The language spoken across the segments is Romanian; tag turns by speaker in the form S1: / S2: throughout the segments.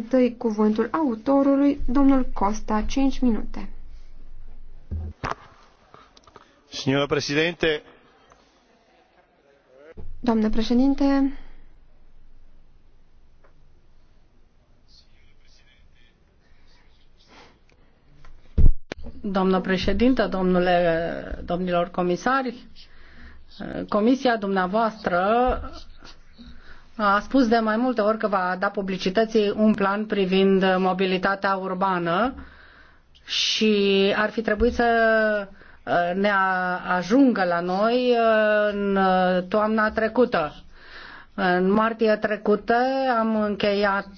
S1: întâi cuvântul autorului, domnul Costa, 5 minute. Signora Presidente, domnule președinte,
S2: domnă președintă, domnule, domnilor comisari, comisia dumneavoastră a spus de mai multe ori că va da publicității un plan privind mobilitatea urbană și ar fi trebuit să uh, ne ajungă la noi uh, în uh, toamna trecută. În martie trecută am încheiat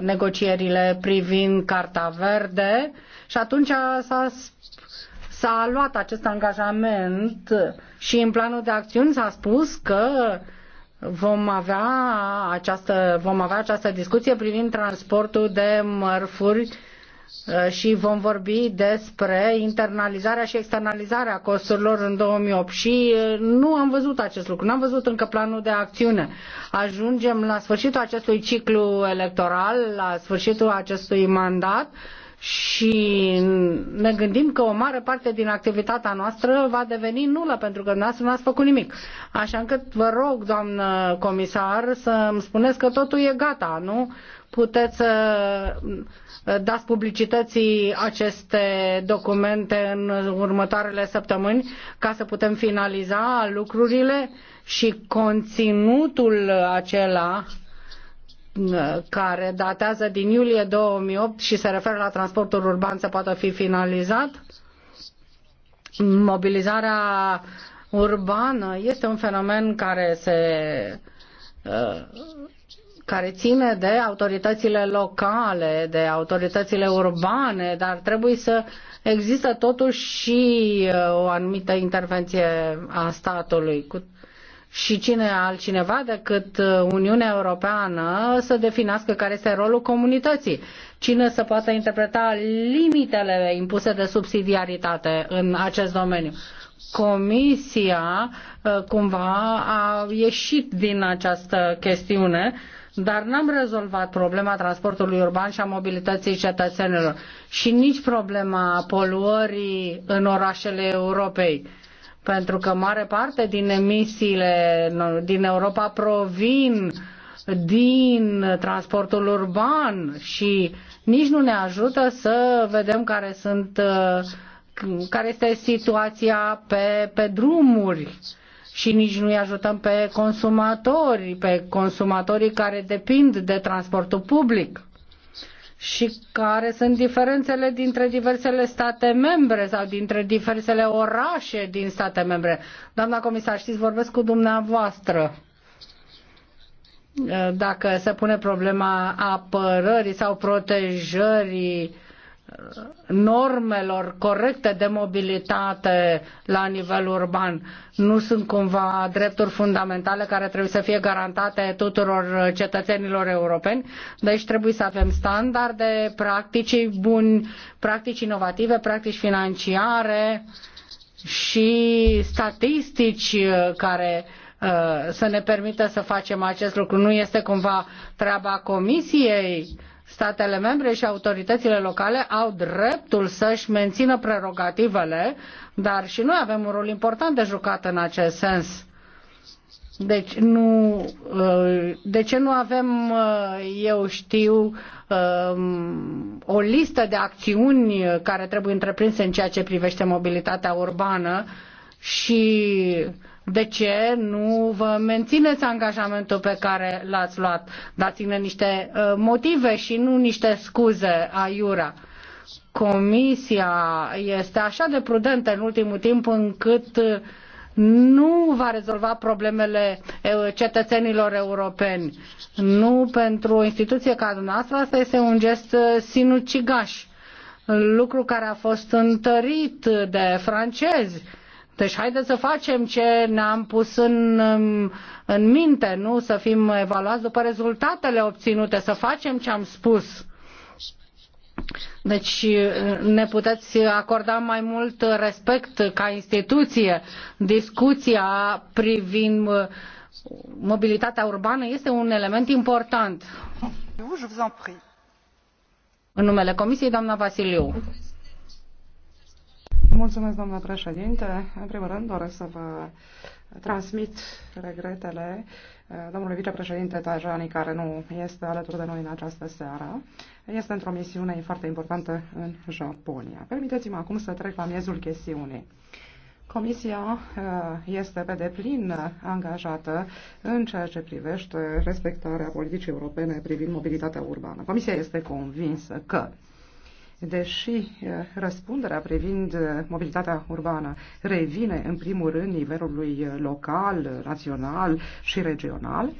S2: negocierile privind Carta Verde și atunci s-a, s-a luat acest angajament și în planul de acțiuni s-a spus că vom avea această, vom avea această discuție privind transportul de mărfuri uh, și vom vorbi despre internalizarea și externalizarea costurilor în 2008 și uh, nu am văzut acest lucru, nu am văzut încă planul de acțiune. Ajungem la sfârșitul acestui ciclu electoral, la sfârșitul acestui mandat și ne gândim că o mare parte din activitatea noastră va deveni nulă pentru că dumneavoastră nu ați făcut nimic. Așa încât vă rog, doamnă comisar, să îmi spuneți că totul e gata, nu? Puteți să uh, dați publicității aceste documente în următoarele săptămâni ca să putem finaliza lucrurile și conținutul acela care datează din iulie 2008 și se referă la transportul urban să poată fi finalizat? Mobilizarea urbană este un fenomen care se uh, care ține de autoritățile locale, de autoritățile urbane, dar trebuie să există totuși și uh, o anumită intervenție a statului și cine altcineva decât uh, Uniunea Europeană să definească care este rolul comunității, cine să poată interpreta limitele impuse de subsidiaritate în acest domeniu. Comisia uh, cumva a ieșit din această chestiune dar n-am rezolvat problema transportului urban și a mobilității cetățenilor și nici problema poluării în orașele Europei pentru că mare parte din emisiile din Europa provin din transportul urban și nici nu ne ajută să vedem care sunt uh, care este situația pe, pe drumuri și nici nu-i ajutăm pe consumatori, pe consumatorii care depind de transportul public și care sunt diferențele dintre diversele state membre sau dintre diversele orașe din state membre. Doamna comisar, știți, vorbesc cu dumneavoastră dacă se pune problema apărării sau protejării normelor corecte de mobilitate la nivel urban nu sunt cumva drepturi fundamentale care trebuie să fie garantate tuturor cetățenilor europeni. Deci trebuie să avem standarde, practici buni, practici inovative, practici financiare și statistici care uh, să ne permită să facem acest lucru. Nu este cumva treaba Comisiei Statele membre și autoritățile locale au dreptul să-și mențină prerogativele, dar și noi avem un rol important de jucat în acest sens. Deci nu, uh, de ce nu avem, uh, eu știu, um, o listă de acțiuni care trebuie întreprinse în ceea ce privește mobilitatea urbană și de ce nu vă mențineți angajamentul pe care l-ați luat? Dați-ne niște uh, motive și nu niște scuze aiurea. Comisia este așa de prudentă în ultimul timp încât uh, nu va rezolva problemele uh, cetățenilor europeni. Nu pentru o instituție ca dumneavoastră, asta este un gest sinucigaș lucru care a fost întărit de francezi deci haideți să facem ce ne-am pus în, în minte, nu să fim evaluați după rezultatele obținute, să facem ce am spus. Deci ne puteți acorda mai mult respect ca instituție. Discuția privind uh, mobilitatea urbană este un element important. În numele Comisiei, doamna Vasiliu.
S3: Mulțumesc, domnule președinte. În primul rând doresc să vă transmit regretele uh, domnului vicepreședinte Tajani, care nu este alături de noi în această seară. Este într-o misiune foarte importantă în Japonia. Permiteți-mă acum să trec la miezul chestiunii. Comisia uh, este pe deplin angajată în ceea ce privește respectarea politicii europene privind mobilitatea urbană. Comisia este convinsă că Deși eh, răspunderea privind eh, mobilitatea urbană revine în primul rând nivelului eh, local, național și regional,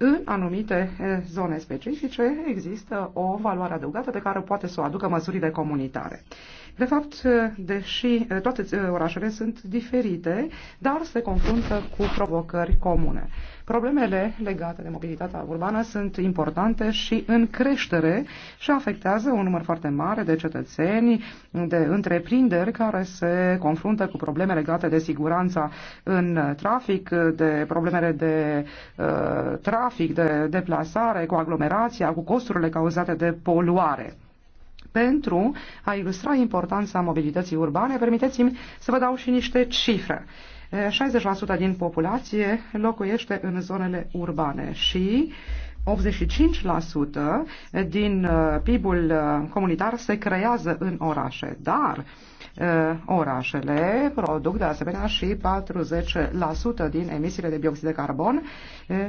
S3: în anumite zone specifice există o valoare adăugată pe care poate să o aducă măsurile comunitare. De fapt, deși toate orașele sunt diferite, dar se confruntă cu provocări comune. Problemele legate de mobilitatea urbană sunt importante și în creștere și afectează un număr foarte mare de cetățeni, de întreprinderi care se confruntă cu probleme legate de siguranța în trafic, de problemele de uh, trafic, de deplasare, cu aglomerația, cu costurile cauzate de poluare. Pentru a ilustra importanța mobilității urbane, permiteți-mi să vă dau și niște cifre. Uh, 60% din populație locuiește în zonele urbane și 85% din uh, PIB-ul uh, comunitar se creează în orașe, dar uh, orașele produc de asemenea și 40% din emisiile de bioxid de carbon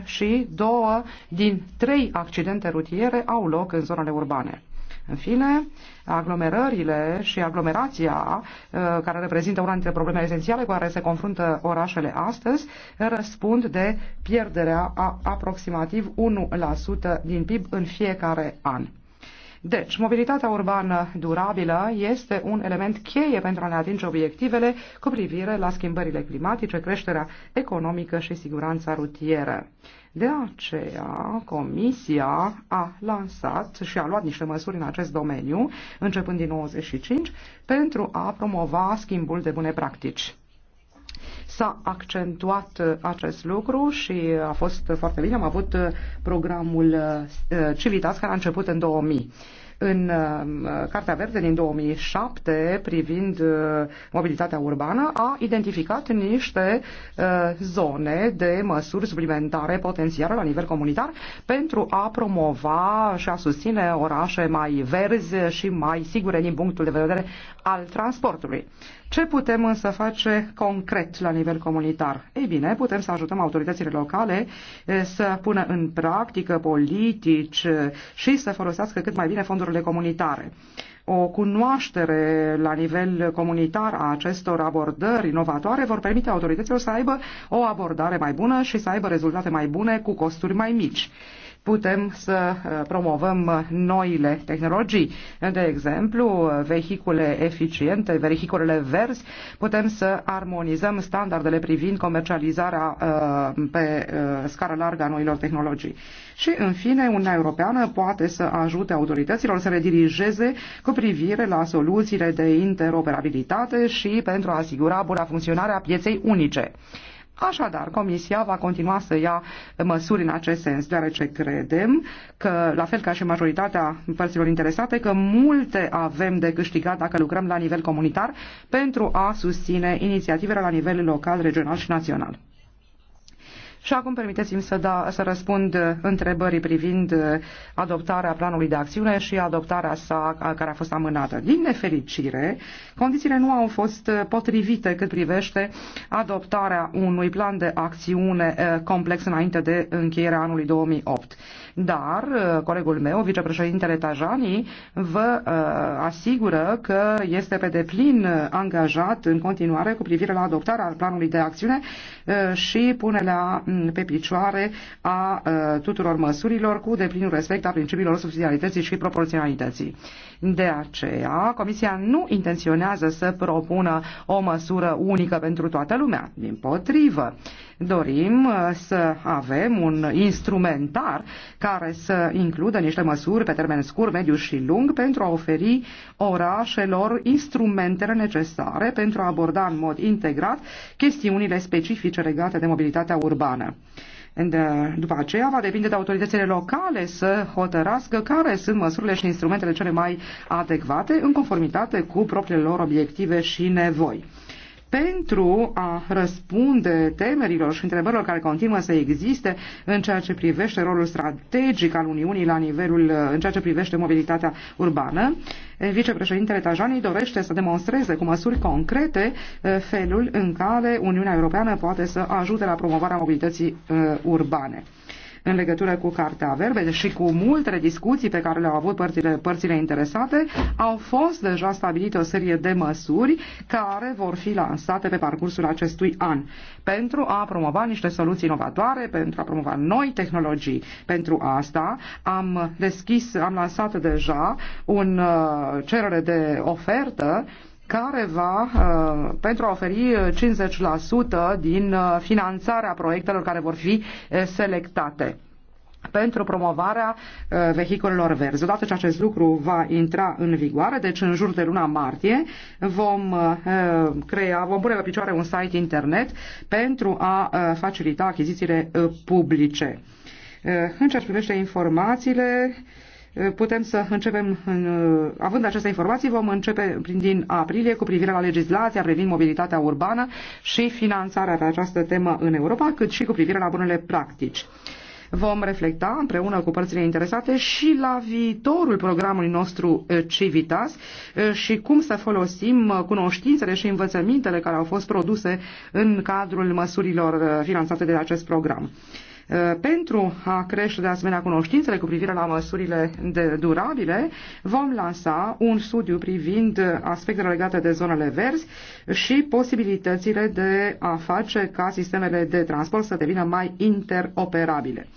S3: și două din trei accidente rutiere au loc în zonele urbane. În fine, aglomerările și aglomerația, uh, care reprezintă una dintre problemele esențiale cu care se confruntă orașele astăzi, răspund de pierderea a aproximativ 1% din PIB în fiecare an. Deci, mobilitatea urbană durabilă este un element cheie pentru a ne atinge obiectivele cu privire la schimbările climatice, creșterea economică și siguranța rutieră. De aceea, Comisia a lansat și a luat niște măsuri în acest domeniu, începând din 1995, pentru a promova schimbul de bune practici. S-a accentuat uh, acest lucru și a fost foarte bine. Am avut uh, programul uh, Civitas care a început în 2000 în Cartea Verde din 2007 privind mobilitatea urbană a identificat niște zone de măsuri suplimentare potențiale la nivel comunitar pentru a promova și a susține orașe mai verzi și mai sigure din punctul de vedere al transportului. Ce putem însă face concret la nivel comunitar? Ei bine, putem să ajutăm autoritățile locale să pună în practică politici și să folosească cât mai bine fondurile comunitare. O cunoaștere la nivel comunitar a acestor abordări inovatoare vor permite autorităților să aibă o abordare mai bună și să aibă rezultate mai bune cu costuri mai mici putem să uh, promovăm uh, noile tehnologii. De exemplu, vehicule eficiente, vehiculele verzi, putem să armonizăm standardele privind comercializarea uh, pe scară largă a noilor tehnologii. Și, în fine, Uniunea Europeană poate să ajute autorităților să le cu privire la soluțiile de interoperabilitate și pentru a asigura bună funcționare a pieței unice. Așadar, Comisia va continua să ia măsuri în acest sens, deoarece credem că, la fel ca și majoritatea părților interesate, că multe avem de câștigat dacă lucrăm la nivel comunitar pentru a susține inițiativele la nivel local, regional și național. Și acum permiteți-mi să, da, să răspund întrebării privind uh, adoptarea planului de acțiune și adoptarea sa uh, care a fost amânată. Din nefericire, condițiile nu au fost uh, potrivite cât privește adoptarea unui plan de acțiune complex înainte de încheierea anului 2008. Dar colegul meu, vicepreședintele Tajani, vă asigură că este pe deplin angajat în continuare cu privire la adoptarea planului de acțiune și pune la pe picioare a tuturor măsurilor cu deplinul respect a principiilor subsidiarității și proporționalității. De aceea, Comisia nu intenționează să propună o măsură unică pentru toată lumea. Din potrivă, Dorim uh, să avem un instrumentar care să includă niște măsuri pe termen scurt, mediu și lung pentru a oferi orașelor instrumentele necesare pentru a aborda în mod integrat chestiunile specifice legate de mobilitatea urbană. Uh, după aceea va depinde de autoritățile locale să hotărască care sunt măsurile și instrumentele cele mai adecvate în conformitate cu propriile lor obiective și nevoi pentru a răspunde temerilor și întrebărilor care continuă să existe în ceea ce privește rolul strategic al Uniunii la nivelul, în ceea ce privește mobilitatea urbană, vicepreședintele Tajani dorește să demonstreze cu măsuri concrete felul în care Uniunea Europeană poate să ajute la promovarea mobilității urbane în legătură cu Cartea verbe și cu multe discuții pe care le-au avut părțile, părțile interesate, au fost deja stabilite o serie de măsuri care vor fi lansate pe parcursul acestui an pentru a promova niște soluții inovatoare, pentru a promova noi tehnologii. Pentru asta am deschis, am lansat deja un uh, cerere de ofertă care va, uh, pentru a oferi 50% uh, din uh, finanțarea proiectelor care vor fi selectate pentru promovarea vehiculelor verzi. Odată ce acest lucru va intra în vigoare, deci în jur de luna martie, vom crea, vom pune la picioare un site internet pentru a facilita achizițiile publice. În ce privește informațiile, putem să începem, în, uh, având aceste informații, vom începe prin din aprilie cu privire la legislația privind mobilitatea urbană și finanțarea pe această temă în Europa, cât și cu privire la bunele practici. Vom reflecta împreună cu părțile interesate și la viitorul programului nostru uh, Civitas uh, și cum să folosim cunoștințele și învățămintele care au fost produse în cadrul măsurilor finanțate de acest program. Pentru a crește de asemenea cunoștințele cu privire la măsurile de durabile, vom lansa un studiu privind aspectele legate de zonele verzi și posibilitățile de a face ca sistemele de transport să devină mai interoperabile.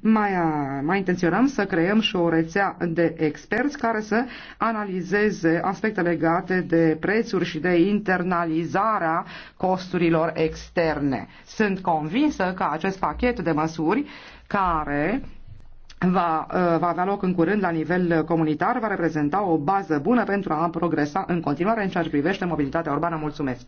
S3: Mai, uh, mai intenționăm să creăm și o rețea de experți care să analizeze aspecte legate de prețuri și de internalizarea costurilor externe. Sunt convinsă că acest pachet de măsuri care va, uh, va avea loc în curând la nivel comunitar, va reprezenta o bază bună pentru a progresa în continuare în ceea ce privește mobilitatea urbană. Mulțumesc!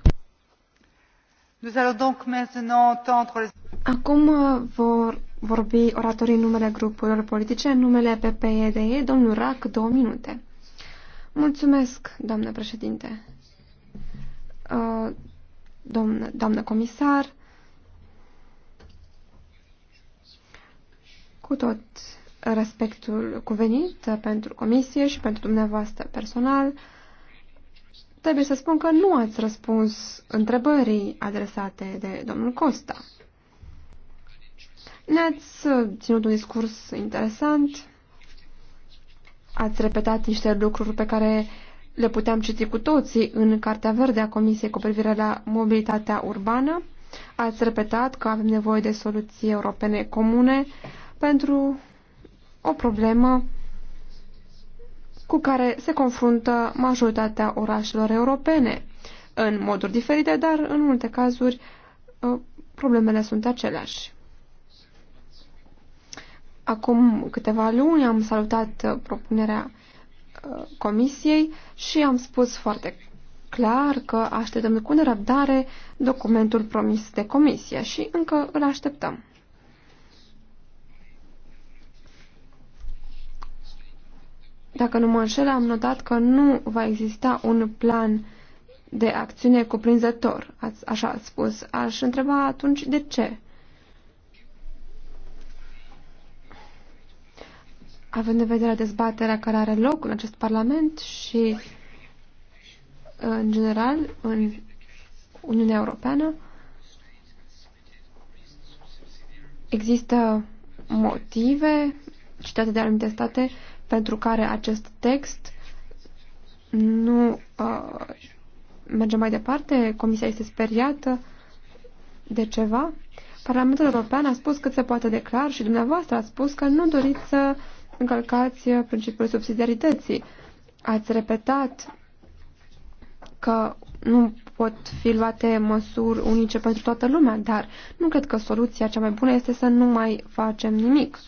S3: Acum uh,
S1: vor vorbi oratorii în numele grupurilor politice, în numele PPEDE, domnul Rac, două minute. Mulțumesc, doamnă președinte. Uh, doamnă, doamnă comisar, cu tot respectul cuvenit pentru comisie și pentru dumneavoastră personal, trebuie să spun că nu ați răspuns întrebării adresate de domnul Costa. Ne-ați uh, ținut un discurs interesant, ați repetat niște lucruri pe care le puteam citi cu toții în Cartea Verde a Comisiei cu privire la mobilitatea urbană. Ați repetat că avem nevoie de soluții europene comune pentru o problemă cu care se confruntă majoritatea orașelor europene, în moduri diferite, dar în multe cazuri uh, problemele sunt aceleași. Acum câteva luni am salutat uh, propunerea uh, Comisiei și am spus foarte clar că așteptăm cu nerăbdare documentul promis de Comisie și încă îl așteptăm. Dacă nu mă înșel, am notat că nu va exista un plan de acțiune cuprinzător, așa ați spus. Aș întreba atunci de ce. având în vedere dezbaterea care are loc în acest Parlament și, în general, în Uniunea Europeană, există motive citate de anumite state pentru care acest text nu uh, merge mai departe, Comisia este speriată de ceva. Parlamentul European a spus cât se poate declar și dumneavoastră a spus că nu doriți să uh, încălcați principiul subsidiarității. Ați repetat că nu pot fi luate măsuri unice pentru toată lumea, dar nu cred că soluția cea mai bună este să nu mai facem nimic.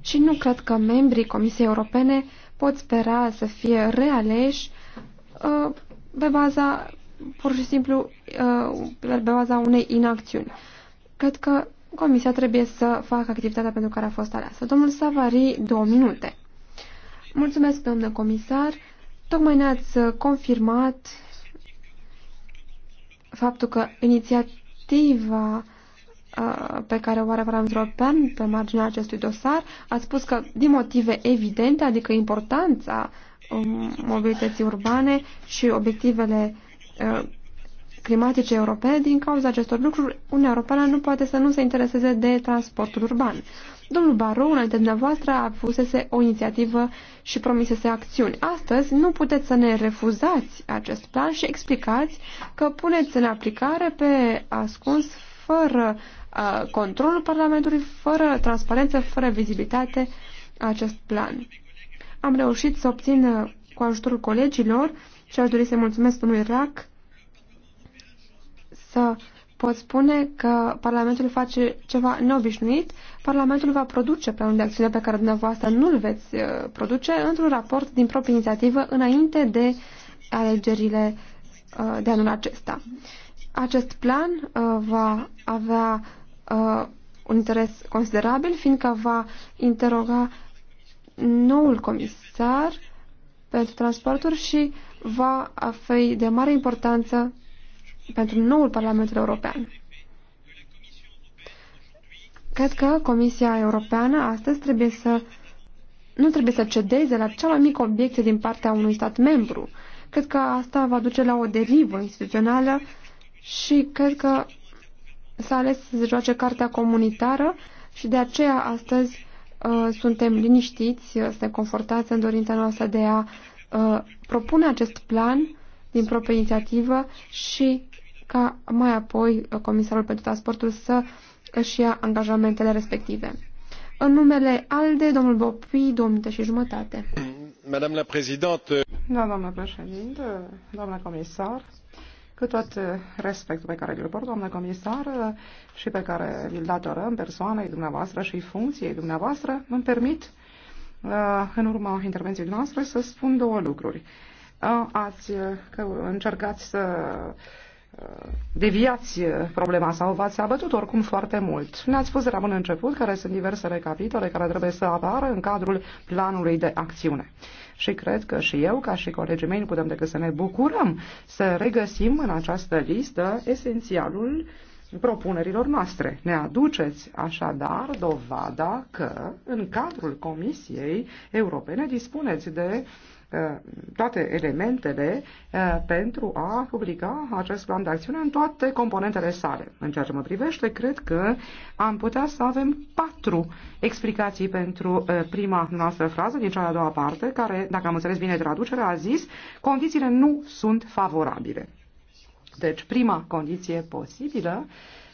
S1: Și nu cred că membrii Comisiei Europene pot spera să fie realeși uh, pe baza, pur și simplu, uh, pe baza unei inacțiuni. Cred că Comisia trebuie să facă activitatea pentru care a fost aleasă. Domnul Savari, două minute. Mulțumesc, domnule comisar. Tocmai ne-ați confirmat faptul că inițiativa pe care o are Parlamentul Zropean pe marginea acestui dosar, a spus că din motive evidente, adică importanța um, mobilității urbane și obiectivele uh, climatice europene, din cauza acestor lucruri, Uniunea Europeană nu poate să nu se intereseze de transportul urban. Domnul Barou, înainte dumneavoastră, fusese o inițiativă și promisese acțiuni. Astăzi nu puteți să ne refuzați acest plan și explicați că puneți în aplicare pe ascuns fără uh, controlul Parlamentului, fără transparență, fără vizibilitate acest plan. Am reușit să obțin cu ajutorul colegilor și aș dori să mulțumesc domnului Rac să pot spune că Parlamentul face ceva neobișnuit. Parlamentul va produce planul de acțiune pe care dumneavoastră nu-l veți uh, produce într-un raport din proprie inițiativă înainte de alegerile uh, de anul acesta. Acest plan uh, va avea un interes considerabil, fiindcă va interoga noul comisar pentru transporturi și va fi de mare importanță pentru noul Parlament European. Cred că Comisia Europeană astăzi trebuie să nu trebuie să cedeze la cea mai mică obiecție din partea unui stat membru. Cred că asta va duce la o derivă instituțională și cred că s-a ales să se joace cartea comunitară și de aceea astăzi uh, suntem liniștiți, uh, suntem confortați în dorința noastră de a uh, propune acest plan din proprie inițiativă și ca mai apoi Comisarul pentru Transportul să își ia angajamentele respective. În numele ALDE, domnul
S3: Bopui, două minute și jumătate.
S2: Madame la Prezidentă,
S3: Da, doamnă președinte, doamnă comisar, cu tot respectul pe care îl port, doamnă comisar, și pe care îl datorăm persoanei dumneavoastră și funcției dumneavoastră, îmi permit, uh, în urma intervenției noastre, să spun două lucruri. Uh, ați uh, încercat să deviați uh, problema sau v-ați abătut oricum foarte mult. Ne-ați spus de la bun început care sunt diversele capitole care trebuie să apară în cadrul planului de acțiune. Și cred că și eu, ca și colegii mei, nu putem decât să ne bucurăm să regăsim în această listă esențialul propunerilor noastre. Ne aduceți așadar dovada că în cadrul Comisiei Europene dispuneți de uh, Uh, toate elementele uh, pentru a publica acest plan de acțiune în toate componentele sale. În ceea ce mă privește, cred că am putea să avem patru explicații pentru uh, prima noastră frază din cea de-a doua parte, care, dacă am înțeles bine traducerea, a zis condițiile nu sunt favorabile. Deci, prima condiție posibilă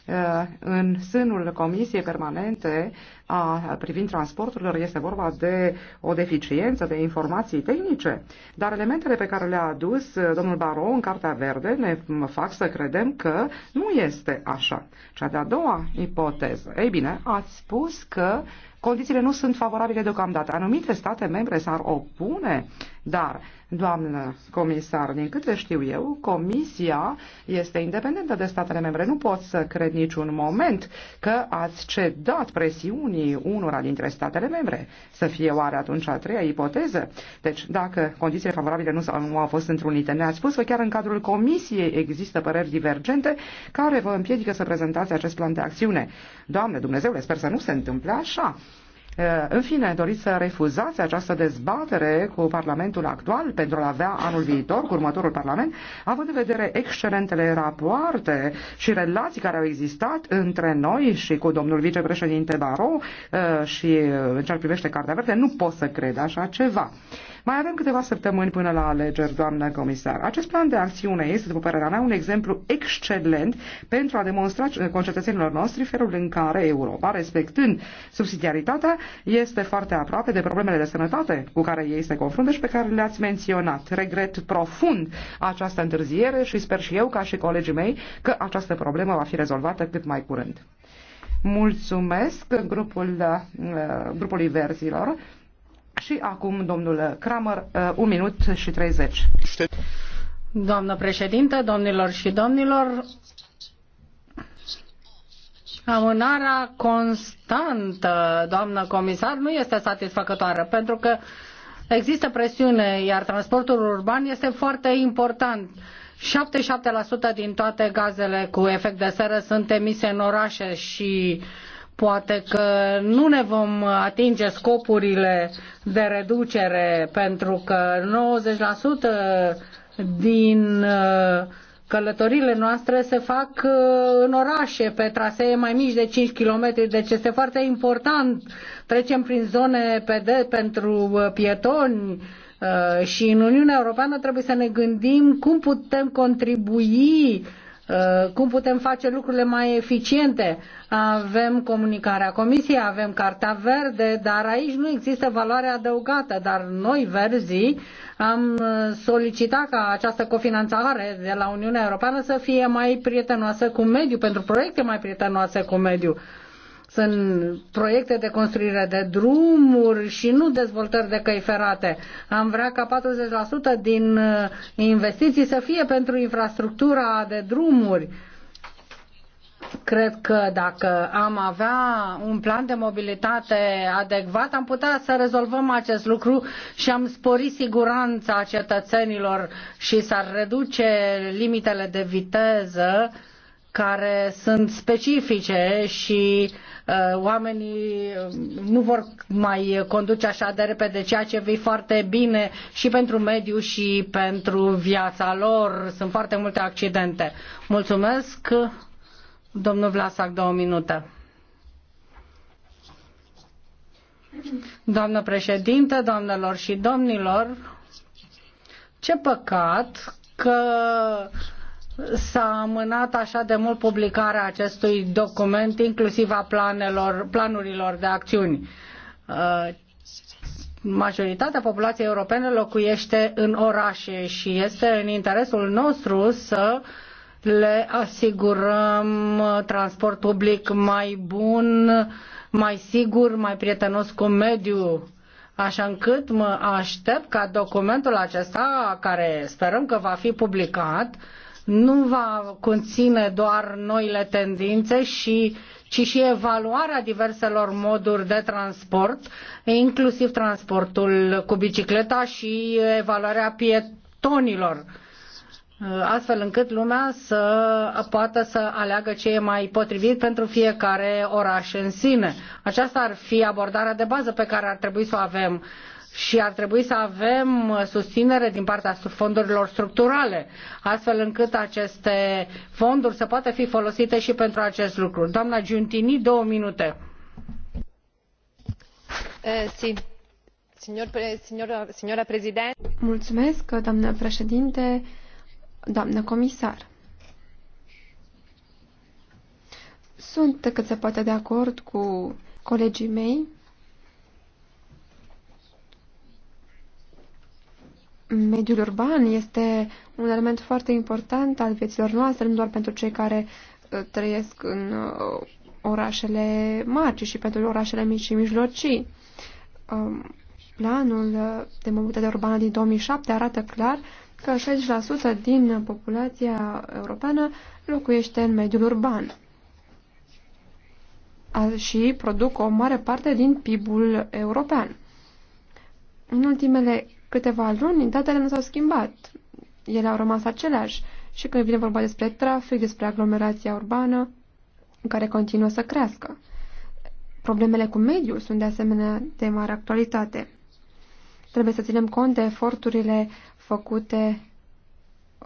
S3: Eh, în sânul Comisiei Permanente a, privind transporturilor este vorba de o deficiență de informații tehnice, dar elementele pe care le-a adus eh, domnul Baro în Cartea Verde ne fac să credem că nu este așa. Cea de-a doua ipoteză. Ei bine, ați spus că condițiile nu sunt favorabile deocamdată. Anumite state membre s-ar opune dar, doamnă comisar, din câte știu eu, Comisia este independentă de statele membre. Nu pot să cred niciun moment că ați cedat presiunii unora dintre statele membre. Să fie oare atunci a treia ipoteză? Deci, dacă condițiile favorabile nu, nu au fost întrunite, ne-ați spus că chiar în cadrul Comisiei există păreri divergente care vă împiedică să prezentați acest plan de acțiune. Doamne Dumnezeule, sper să nu se întâmple așa. În fine, doriți să refuzați această dezbatere cu Parlamentul actual pentru a avea anul viitor cu următorul Parlament, având în vedere excelentele rapoarte și relații care au existat între noi și cu domnul vicepreședinte Baro și în ce privește Cartea Verde, nu pot să cred așa ceva. Mai avem câteva săptămâni până la alegeri, doamnă comisar. Acest plan de acțiune este, după părerea mea, un exemplu excelent pentru a demonstra concetățenilor noștri felul în care Europa, respectând subsidiaritatea, este foarte aproape de problemele de sănătate cu care ei se confruntă și pe care le-ați menționat. Regret profund această întârziere și sper și eu, ca și colegii mei, că această problemă va fi rezolvată cât mai curând. Mulțumesc grupul, uh, grupului verzilor. Și acum, domnul Kramer, uh, un minut și 30.
S2: Doamnă președintă, domnilor și domnilor, amânarea constantă, doamnă comisar, nu este satisfăcătoare, pentru că există presiune, iar transportul urban este foarte important. 77% din toate gazele cu efect de seră sunt emise în orașe și poate că nu ne vom atinge scopurile de reducere pentru că 90% din uh, Călătorile noastre se fac uh, în orașe, pe trasee mai mici de 5 km, deci este foarte important. Trecem prin zone PD pentru uh, pietoni uh, și în Uniunea Europeană trebuie să ne gândim cum putem contribui Uh, cum putem face lucrurile mai eficiente. Avem comunicarea Comisiei, avem Carta Verde, dar aici nu există valoare adăugată, dar noi, verzii, am solicitat ca această cofinanțare de la Uniunea Europeană să fie mai prietenoasă cu mediul, pentru proiecte mai prietenoase cu mediul sunt proiecte de construire de drumuri și nu dezvoltări de căi ferate. Am vrea ca 40% din uh, investiții să fie pentru infrastructura de drumuri. Cred că dacă am avea un plan de mobilitate adecvat, am putea să rezolvăm acest lucru și am spori siguranța cetățenilor și s-ar reduce limitele de viteză care sunt specifice și uh, Uh, oamenii uh, nu vor mai conduce așa de repede, ceea ce vei foarte bine și pentru mediu și pentru viața lor. Sunt foarte multe accidente. Mulțumesc, domnul Vlasac, două minute. Doamnă președinte, doamnelor și domnilor, ce păcat că s-a amânat așa de mult publicarea acestui document, inclusiv a planelor, planurilor de acțiuni. Uh, majoritatea populației europene locuiește în orașe și este în interesul nostru să le asigurăm transport public mai bun, mai sigur, mai prietenos cu mediul, așa încât mă aștept ca documentul acesta, care sperăm că va fi publicat, uh, nu va conține doar noile tendințe și ci și evaluarea diverselor moduri de transport, inclusiv transportul cu bicicleta și evaluarea pietonilor astfel încât lumea să poată să aleagă ce e mai potrivit pentru fiecare oraș în sine. Aceasta ar fi abordarea de bază pe care ar trebui să o avem și ar trebui să avem susținere din partea fondurilor structurale, astfel încât aceste fonduri să poată fi folosite și pentru acest lucru. Doamna Giuntini, două minute.
S1: Uh, signora, Mulțumesc, doamnă președinte, doamnă comisar. Sunt cât se poate de acord cu colegii mei mediul urban este un element foarte important al vieților noastre, nu doar pentru cei care uh, trăiesc în uh, orașele mari, ci și pentru orașele mici și mijlocii. Um, planul uh, de mobilitate urbană din 2007 arată clar că 60% din populația europeană locuiește în mediul urban și produc o mare parte din PIB-ul european. În ultimele câteva luni, datele nu s-au schimbat. Ele au rămas aceleași. Și când vine vorba despre trafic, despre aglomerația urbană, care continuă să crească. Problemele cu mediul sunt de asemenea de mare actualitate. Trebuie să ținem cont de eforturile făcute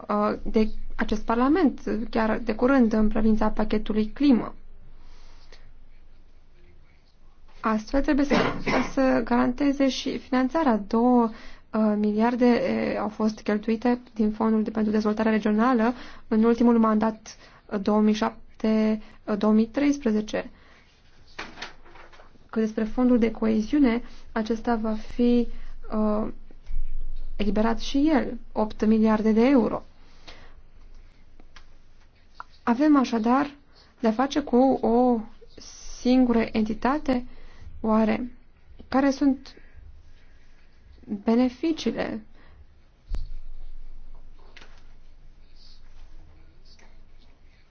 S1: uh, de acest Parlament, chiar de curând, în privința pachetului climă. Astfel trebuie să, să garanteze și finanțarea două Uh, miliarde uh, au fost cheltuite din Fondul de pentru Dezvoltare Regională în ultimul mandat 2007-2013. Uh, Că despre fondul de coeziune, acesta va fi uh, eliberat și el, 8 miliarde de euro. Avem așadar de-a face cu o singură entitate? Oare? Care sunt beneficiile.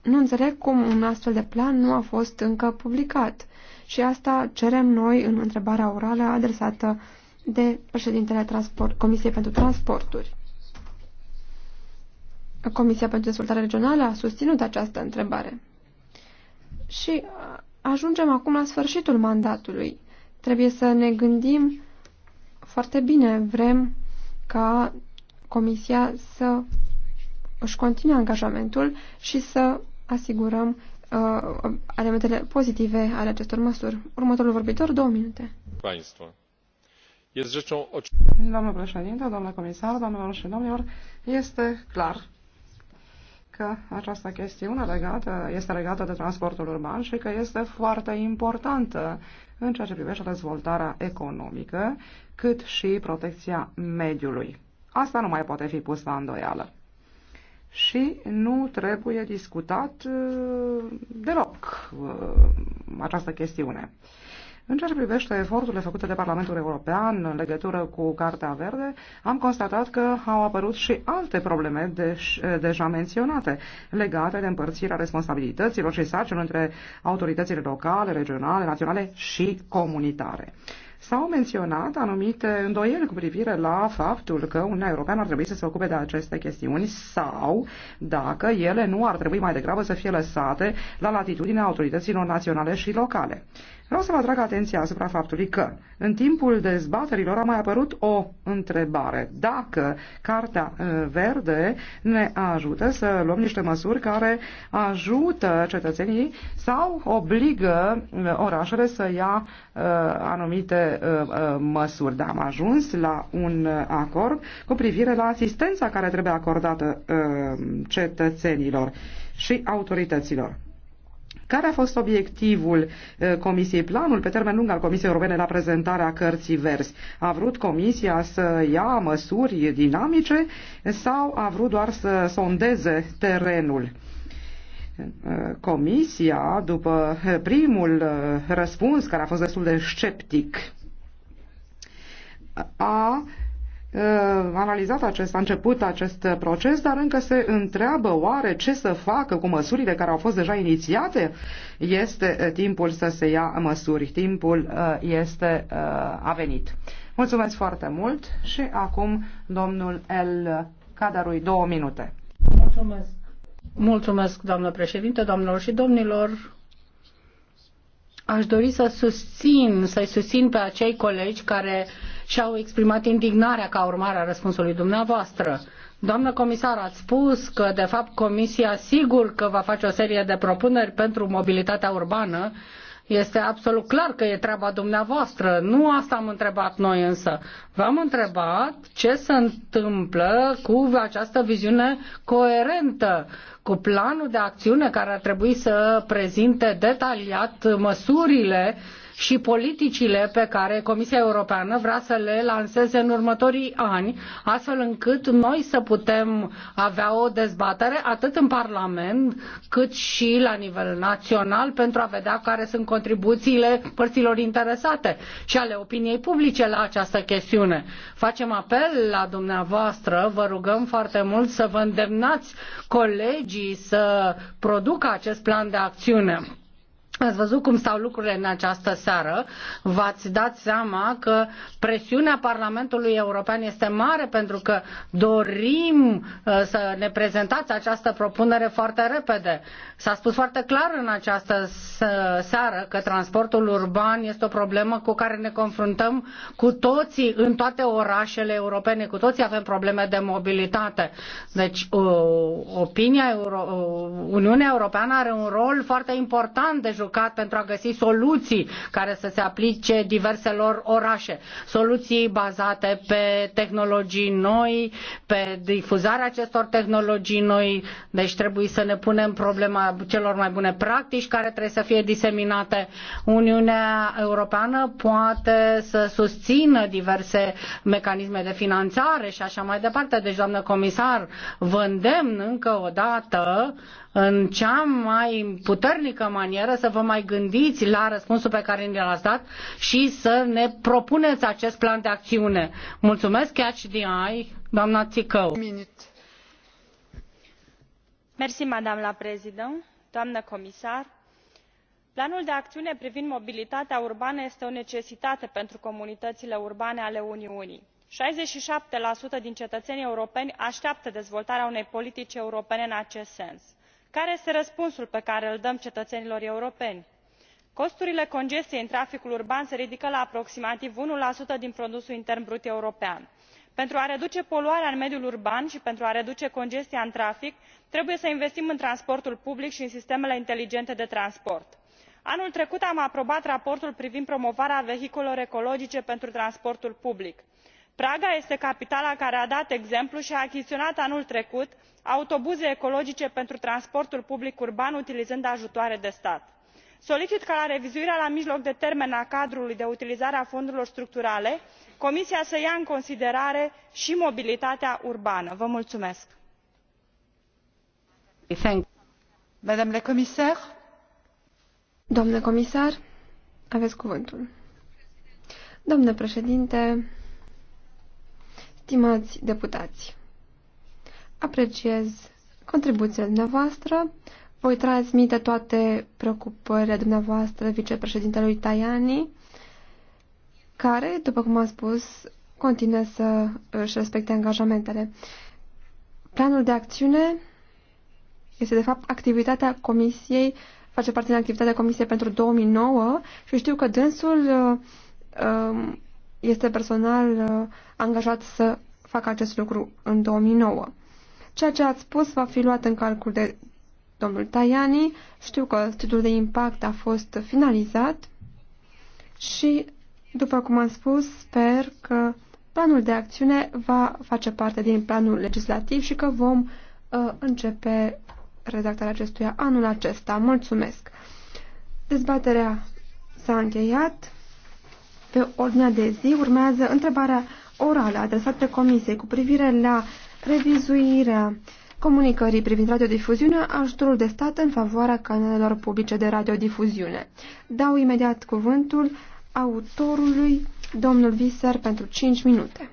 S1: Nu înțeleg cum un astfel de plan nu a fost încă publicat și asta cerem noi în întrebarea orală adresată de președintele Transport, Comisiei pentru Transporturi. Comisia pentru Dezvoltare Regională a susținut această întrebare. Și ajungem acum la sfârșitul mandatului. Trebuie să ne gândim foarte bine, vrem ca Comisia să își continue angajamentul și să asigurăm uh, elementele pozitive ale acestor măsuri. Următorul vorbitor, două minute.
S3: Państwo. Doamnă președinte, domnule comisar, doamnelor și domnilor, este clar că această chestiune legată, este legată de transportul urban și că este foarte importantă în ceea ce privește dezvoltarea economică, cât și protecția mediului. Asta nu mai poate fi pus la îndoială. Și nu trebuie discutat uh, deloc uh, această chestiune. În ceea ce privește eforturile făcute de Parlamentul European în legătură cu Cartea Verde, am constatat că au apărut și alte probleme de, deja menționate, legate de împărțirea responsabilităților și sarcinilor între autoritățile locale, regionale, naționale și comunitare. S-au menționat anumite îndoieli cu privire la faptul că Uniunea Europeană ar trebui să se ocupe de aceste chestiuni sau dacă ele nu ar trebui mai degrabă să fie lăsate la latitudinea autorităților naționale și locale. Vreau să vă atrag atenția asupra faptului că în timpul dezbaterilor a mai apărut o întrebare. Dacă Cartea uh, Verde ne ajută să luăm niște măsuri care ajută cetățenii sau obligă uh, orașele să ia uh, anumite Uh, uh, măsuri, dar am ajuns la un acord cu privire la asistența care trebuie acordată uh, cetățenilor și autorităților. Care a fost obiectivul uh, Comisiei? Planul pe termen lung al Comisiei Europene la prezentarea cărții vers? A vrut Comisia să ia măsuri dinamice sau a vrut doar să sondeze terenul? Uh, comisia, după primul răspuns, care a fost destul de sceptic, a analizat acest, a început acest proces, dar încă se întreabă oare ce să facă cu măsurile care au fost deja inițiate. Este timpul să se ia măsuri, timpul este a venit.
S2: Mulțumesc foarte mult și acum domnul El Cadarui, două minute. Mulțumesc. Mulțumesc, doamnă președinte, doamnelor și domnilor aș dori să susțin, să-i susțin pe acei colegi care și-au exprimat indignarea ca urmare a răspunsului dumneavoastră. Doamnă comisar, ați spus că, de fapt, Comisia sigur că va face o serie de propuneri pentru mobilitatea urbană. Este absolut clar că e treaba dumneavoastră. Nu asta am întrebat noi însă. V-am întrebat ce se întâmplă cu această viziune coerentă, cu planul de acțiune care ar trebui să prezinte detaliat măsurile uh, și politicile pe care Comisia Europeană vrea să le lanseze în următorii ani, astfel încât noi să putem avea o dezbatere atât în Parlament cât și la nivel național pentru a vedea care sunt contribuțiile părților interesate și ale opiniei publice la această chestiune. Facem apel la dumneavoastră, vă rugăm foarte mult să vă îndemnați colegii să producă acest plan de acțiune Ați văzut cum stau lucrurile în această seară. V-ați dat seama că presiunea Parlamentului European este mare pentru că dorim uh, să ne prezentați această propunere foarte repede. S-a spus foarte clar în această seară că transportul urban este o problemă cu care ne confruntăm cu toții în toate orașele europene. Cu toții avem probleme de mobilitate. Deci uh, opinia Euro uh, Uniunea Europeană are un rol foarte important de jucat blocat pentru a găsi soluții care să se aplice diverselor orașe. Soluții bazate pe tehnologii noi, pe difuzarea acestor tehnologii noi, deci trebuie să ne punem problema celor mai bune practici care trebuie să fie diseminate. Uniunea Europeană poate să susțină diverse mecanisme de finanțare și așa mai departe. Deci, doamnă comisar, vă îndemn încă o dată în cea mai puternică manieră să vă mai gândiți la răspunsul pe care ni l-ați dat și să ne propuneți acest plan de acțiune. Mulțumesc, Catch the Eye, doamna Țicău.
S4: Mersi, madame la prezident, doamnă comisar. Planul de acțiune privind mobilitatea urbană este o necesitate pentru comunitățile urbane ale Uniunii 67% din cetățenii europeni așteaptă dezvoltarea unei politici europene în acest sens care este răspunsul pe care îl dăm cetățenilor europeni? costurile congestiei în traficul urban se ridică la aproximativ unu din produsul intern brut european. pentru a reduce poluarea în mediul urban și pentru a reduce congestia în trafic trebuie să investim în transportul public și în sistemele inteligente de transport. anul trecut am aprobat raportul privind promovarea vehiculelor ecologice pentru transportul public praga este capitala care a dat exemplu i a achiziionat anul trecut autobuze ecologice pentru transportul public urban utilizând ajutoare de stat. solicit ca la revizuirea la mijloc de termen a cadrului de utilizare a fondurilor structurale comisia să ia în considerare i mobilitatea urbană. vă
S1: comisar aveți cuvântul. președinte Stimați deputați, apreciez contribuția dumneavoastră. Voi transmite toate preocupările dumneavoastră vicepreședintelui Tajani, care, după cum am spus, continuă să își respecte angajamentele. Planul de acțiune este, de fapt, activitatea Comisiei, face parte din activitatea Comisiei pentru 2009 și știu că dânsul uh, um, este personal uh, angajat să facă acest lucru în 2009. Ceea ce ați spus va fi luat în calcul de domnul Tajani. Știu că studiul de impact a fost finalizat și, după cum am spus, sper că planul de acțiune va face parte din planul legislativ și că vom uh, începe redactarea acestuia anul acesta. Mulțumesc! Dezbaterea s-a încheiat. Pe ordinea de zi urmează întrebarea orală adresată Comisiei cu privire la revizuirea comunicării privind radiodifuziunea ajutorul de stat în favoarea canalelor publice de radiodifuziune. Dau imediat cuvântul autorului, domnul Viser, pentru 5 minute.